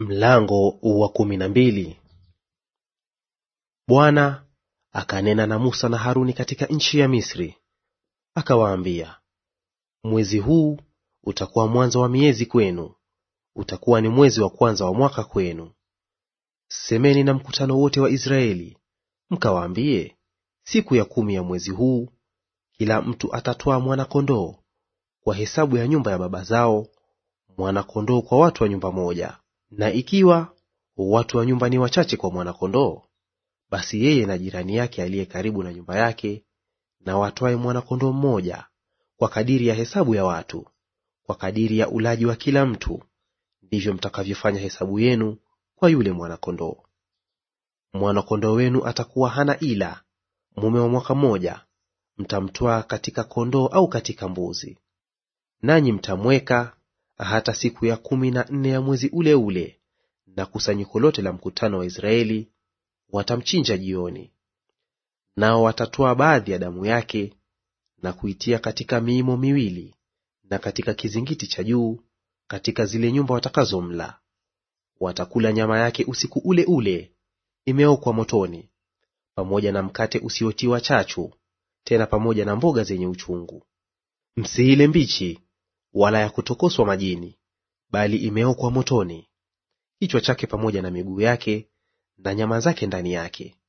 Mlango wa kumi na mbili. Bwana akanena na Musa na Haruni katika nchi ya Misri, akawaambia, mwezi huu utakuwa mwanzo wa miezi kwenu, utakuwa ni mwezi wa kwanza wa mwaka kwenu. Semeni na mkutano wote wa Israeli, mkawaambie, siku ya kumi ya mwezi huu kila mtu atatwaa mwana-kondoo kwa hesabu ya nyumba ya baba zao, mwana-kondoo kwa watu wa nyumba moja na ikiwa watu wa nyumba ni wachache kwa mwana-kondoo, basi yeye na jirani yake aliye karibu na nyumba yake na watwae mwana-kondoo mmoja kwa kadiri ya hesabu ya watu, kwa kadiri ya ulaji wa kila mtu, ndivyo mtakavyofanya hesabu yenu kwa yule mwana-kondoo. wenu atakuwa hana ila, mume wa mwaka mmoja; mtamtwaa katika kondoo au katika mbuzi, nanyi mtamweka hata siku ya kumi na nne ya mwezi ule ule, na kusanyiko lote la mkutano wa Israeli watamchinja jioni. Nao watatoa baadhi ya damu yake na kuitia katika miimo miwili na katika kizingiti cha juu katika zile nyumba watakazomla. Watakula nyama yake usiku ule ule, imeokwa motoni, pamoja na mkate usiotiwa chachu, tena pamoja na mboga zenye uchungu. Msiile mbichi, wala ya kutokoswa majini, bali imeokwa motoni; kichwa chake pamoja na miguu yake na nyama zake ndani yake.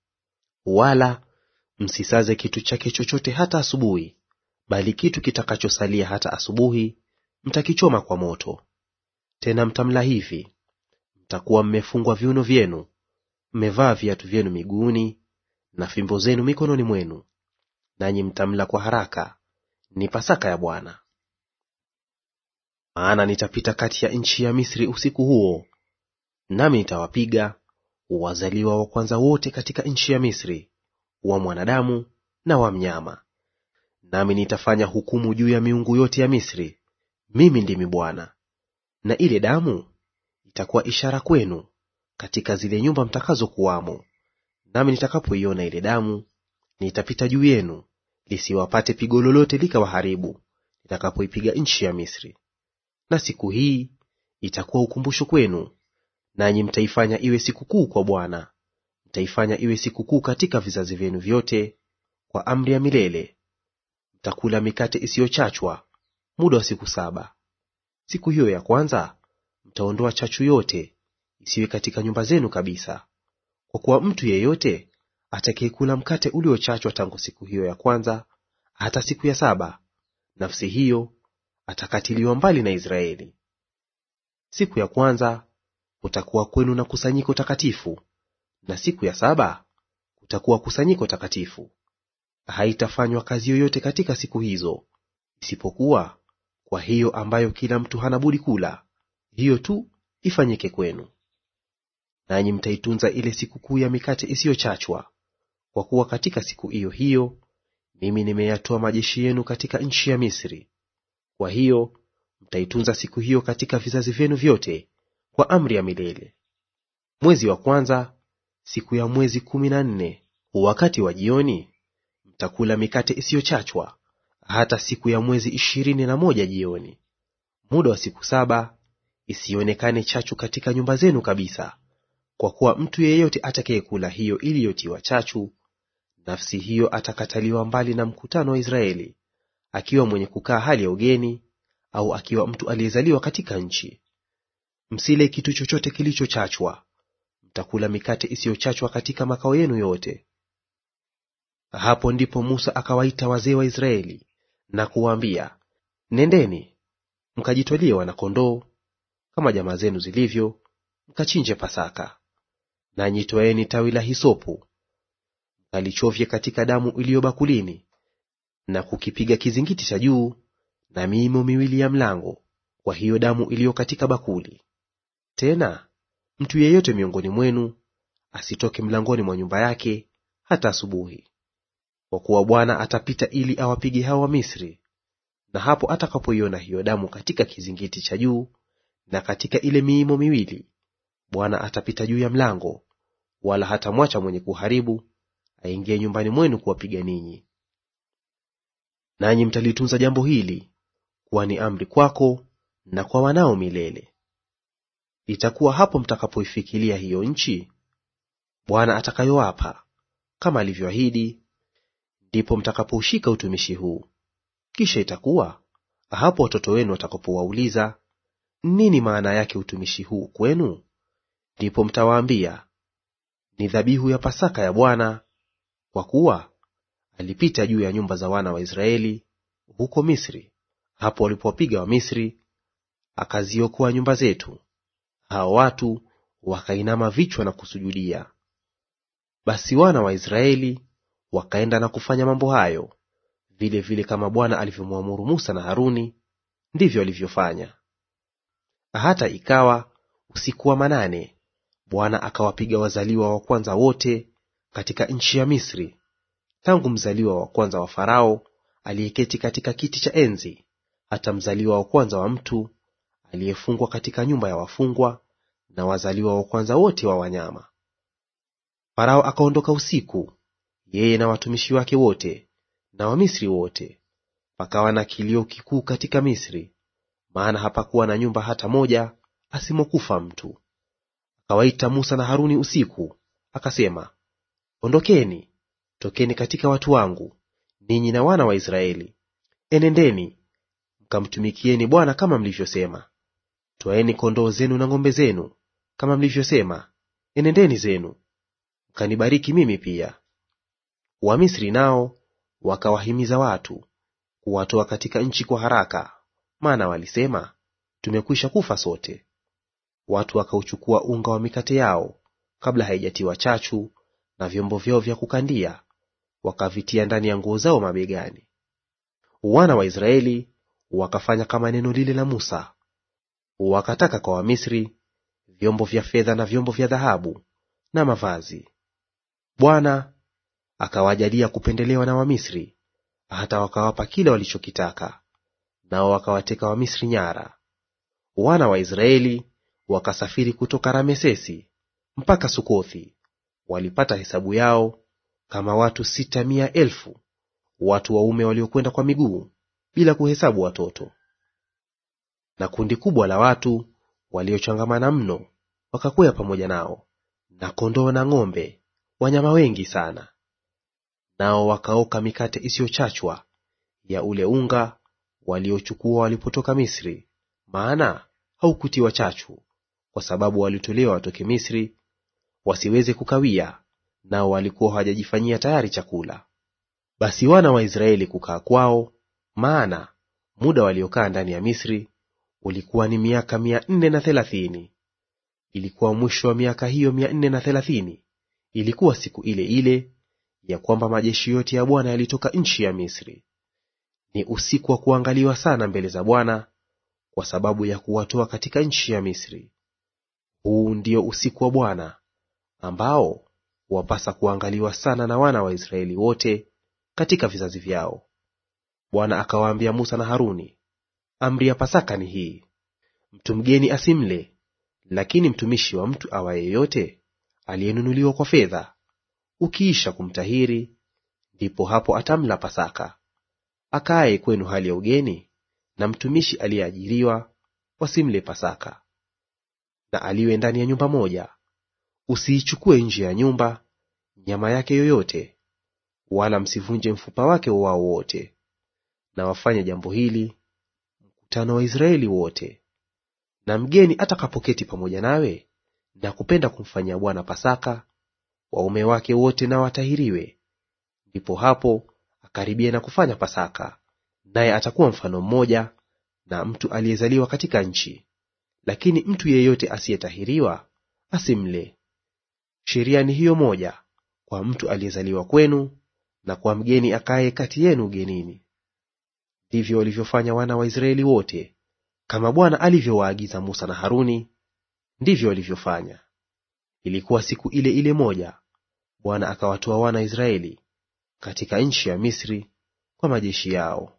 Wala msisaze kitu chake chochote hata asubuhi, bali kitu kitakachosalia hata asubuhi mtakichoma kwa moto. Tena mtamla hivi: mtakuwa mmefungwa viuno vyenu, mmevaa viatu vyenu miguuni, na fimbo zenu mikononi mwenu, nanyi mtamla kwa haraka; ni Pasaka ya Bwana. Maana nitapita kati ya nchi ya Misri usiku huo, nami nitawapiga wazaliwa wa kwanza wote katika nchi ya Misri, wa mwanadamu na wa mnyama. Nami nitafanya hukumu juu ya miungu yote ya Misri. Mimi ndimi Bwana. Na ile damu itakuwa ishara kwenu katika zile nyumba mtakazokuwamo. Nami nitakapoiona ile damu, nitapita juu yenu, lisiwapate pigo lolote likawaharibu, nitakapoipiga nchi ya Misri na siku hii itakuwa ukumbusho kwenu, nanyi mtaifanya iwe sikukuu kwa Bwana. Mtaifanya iwe sikukuu katika vizazi vyenu vyote kwa amri ya milele. Mtakula mikate isiyochachwa muda wa siku saba. Siku hiyo ya kwanza mtaondoa chachu yote isiwe katika nyumba zenu kabisa, kwa kuwa mtu yeyote atakayekula mkate uliochachwa tangu siku hiyo ya kwanza hata siku ya saba, nafsi hiyo atakatiliwa mbali na Israeli. Siku ya kwanza kutakuwa kwenu na kusanyiko takatifu, na siku ya saba kutakuwa kusanyiko takatifu. Haitafanywa kazi yoyote katika siku hizo, isipokuwa kwa hiyo ambayo kila mtu hana budi kula; hiyo tu ifanyike kwenu. Nanyi mtaitunza ile sikukuu ya mikate isiyochachwa, kwa kuwa katika siku hiyo hiyo mimi nimeyatoa majeshi yenu katika nchi ya Misri. Kwa hiyo mtaitunza siku hiyo katika vizazi vyenu vyote kwa amri ya milele. Mwezi wa kwanza, siku ya mwezi kumi na nne, wakati wa jioni, mtakula mikate isiyochachwa hata siku ya mwezi ishirini na moja jioni. Muda wa siku saba isionekane chachu katika nyumba zenu kabisa, kwa kuwa mtu yeyote atakayekula hiyo iliyotiwa chachu, nafsi hiyo atakataliwa mbali na mkutano wa Israeli akiwa mwenye kukaa hali ya ugeni, au akiwa mtu aliyezaliwa katika nchi. Msile kitu chochote kilichochachwa; mtakula mikate isiyochachwa katika makao yenu yote. Hapo ndipo Musa akawaita wazee wa Israeli na kuwaambia, nendeni mkajitolie wanakondoo kama jamaa zenu zilivyo, mkachinje Pasaka. Nanyi twaeni tawi la hisopu mkalichovye katika damu iliyo bakulini, na kukipiga kizingiti cha juu na miimo miwili ya mlango kwa hiyo damu iliyo katika bakuli. Tena mtu yeyote miongoni mwenu asitoke mlangoni mwa nyumba yake hata asubuhi, kwa kuwa Bwana atapita ili awapige hao misri Na hapo atakapoiona hiyo damu katika kizingiti cha juu na katika ile miimo miwili, Bwana atapita juu ya mlango, wala hatamwacha mwenye kuharibu aingie nyumbani mwenu kuwapiga ninyi nanyi mtalitunza jambo hili kuwa ni amri kwako na kwa wanao milele. Itakuwa hapo mtakapoifikilia hiyo nchi Bwana atakayowapa kama alivyoahidi, ndipo mtakapoushika utumishi huu. Kisha itakuwa hapo watoto wenu watakapowauliza nini maana yake utumishi huu kwenu, ndipo mtawaambia ni dhabihu ya Pasaka ya Bwana, kwa kuwa alipita juu ya nyumba za wana wa Israeli huko Misri, hapo walipowapiga Wamisri, akaziokoa nyumba zetu. Hao watu wakainama vichwa na kusujudia. Basi wana wa Israeli wakaenda na kufanya mambo hayo vile vile kama Bwana alivyomwamuru Musa na Haruni, ndivyo alivyofanya. Hata ikawa usiku wa manane, Bwana akawapiga wazaliwa wa kwanza wote katika nchi ya Misri, tangu mzaliwa wa kwanza wa Farao aliyeketi katika kiti cha enzi hata mzaliwa wa kwanza wa mtu aliyefungwa katika nyumba ya wafungwa na wazaliwa wa kwanza wote wa wanyama. Farao akaondoka usiku, yeye na watumishi wake wote na Wamisri wote. Pakawa na kilio kikuu katika Misri, maana hapakuwa na nyumba hata moja asimokufa mtu. Akawaita Musa na Haruni usiku, akasema, ondokeni Tokeni katika watu wangu, ninyi na wana wa Israeli, enendeni mkamtumikieni Bwana kama mlivyosema. Twaeni kondoo zenu na ng'ombe zenu kama mlivyosema, enendeni zenu, mkanibariki mimi pia. Wamisri nao wakawahimiza watu kuwatoa katika nchi kwa haraka, maana walisema, tumekwisha kufa sote. Watu wakauchukua unga wa mikate yao kabla haijatiwa chachu, na vyombo vyao vya kukandia wakavitia ndani ya nguo zao mabegani. Wana wa Israeli wakafanya kama neno lile la Musa. Wakataka kwa Wamisri vyombo vya fedha na vyombo vya dhahabu na mavazi. Bwana akawajalia kupendelewa na Wamisri, hata wakawapa kila walichokitaka, nao wakawateka Wamisri nyara. Wana wa Israeli wakasafiri kutoka Ramesesi mpaka Sukothi, walipata hesabu yao kama watu sita mia elfu watu waume waliokwenda kwa miguu bila kuhesabu watoto. Na kundi kubwa la watu waliochangamana mno wakakwea pamoja nao, na kondoo na ng'ombe, wanyama wengi sana. Nao wakaoka mikate isiyochachwa ya ule unga waliochukua walipotoka Misri, maana haukutiwa chachu, kwa sababu walitolewa watoke Misri, wasiweze kukawia nao walikuwa hawajajifanyia tayari chakula. Basi wana wa Israeli kukaa kwao, maana muda waliokaa ndani ya Misri ulikuwa ni miaka mia nne na thelathini. Ilikuwa mwisho wa miaka hiyo mia nne na thelathini, ilikuwa siku ile ile ya kwamba majeshi yote ya Bwana yalitoka nchi ya Misri. Ni usiku wa kuangaliwa sana mbele za Bwana kwa sababu ya kuwatoa katika nchi ya Misri. Huu ndio usiku wa Bwana ambao wapasa kuangaliwa sana na wana wa Israeli wote katika vizazi vyao. Bwana akawaambia Musa na Haruni, amri ya Pasaka ni hii: mtu mgeni asimle, lakini mtumishi wa mtu awaye yote aliyenunuliwa kwa fedha, ukiisha kumtahiri, ndipo hapo atamla Pasaka. Akaaye kwenu hali ya ugeni na mtumishi aliyeajiriwa wasimle Pasaka. Na aliwe ndani ya nyumba moja; usiichukue nje ya nyumba nyama yake yoyote, wala msivunje mfupa wake wao wote. Na wafanye jambo hili mkutano wa Israeli wote. Na mgeni atakapoketi pamoja nawe na kupenda kumfanyia Bwana Pasaka, waume wake wote na watahiriwe; ndipo hapo akaribie na kufanya Pasaka, naye atakuwa mfano mmoja na mtu aliyezaliwa katika nchi. Lakini mtu yeyote asiyetahiriwa asimle. Sheria ni hiyo moja kwa mtu aliyezaliwa kwenu na kwa mgeni akaye kati yenu ugenini. Ndivyo walivyofanya wana wa Israeli wote, kama Bwana alivyowaagiza Musa na Haruni, ndivyo walivyofanya. Ilikuwa siku ile ile moja, Bwana akawatoa wana Israeli katika nchi ya Misri kwa majeshi yao.